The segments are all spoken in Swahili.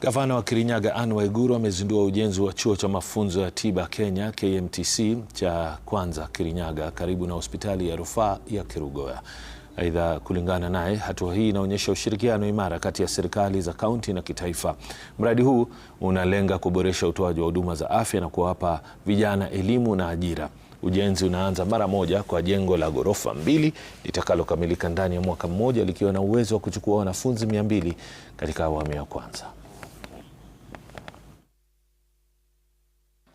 Gavana wa Kirinyaga Anne Waiguru amezindua ujenzi wa chuo cha mafunzo ya tiba Kenya KMTC cha kwanza Kirinyaga karibu na hospitali ya rufaa ya Kerugoya. Aidha, kulingana naye, hatua hii inaonyesha ushirikiano imara kati ya serikali za kaunti na kitaifa. Mradi huu unalenga kuboresha utoaji wa huduma za afya na kuwapa vijana elimu na ajira. Ujenzi unaanza mara moja kwa jengo la ghorofa mbili litakalokamilika ndani ya mwaka mmoja likiwa na uwezo wa kuchukua wanafunzi mia mbili katika awamu ya kwanza.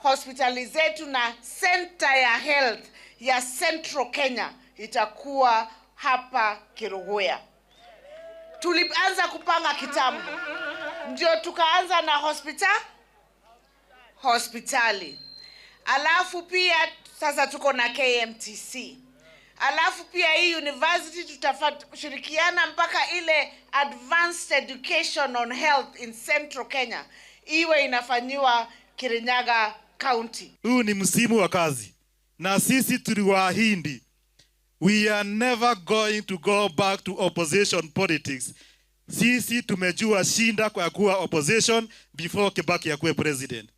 hospitali zetu na senta ya health ya Central Kenya itakuwa hapa Kirugwea. Tulianza kupanga kitambo, ndio tukaanza na hospita hospitali, alafu pia sasa tuko na KMTC, alafu pia hii university tutashirikiana mpaka ile advanced education on health in Central Kenya iwe inafanyiwa Kirinyaga county. Huu ni msimu wa kazi, na sisi tuliwaahidi we are never going to go back to opposition politics. Sisi tumejua shinda kwa kuwa opposition before Kibaki yakuwe president.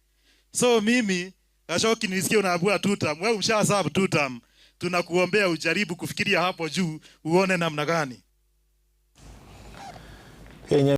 So mimi Gashoki, nisikie unaambua two term, wewe umshasabu two term, tunakuombea ujaribu kufikiria hapo juu uone namna gani Kenya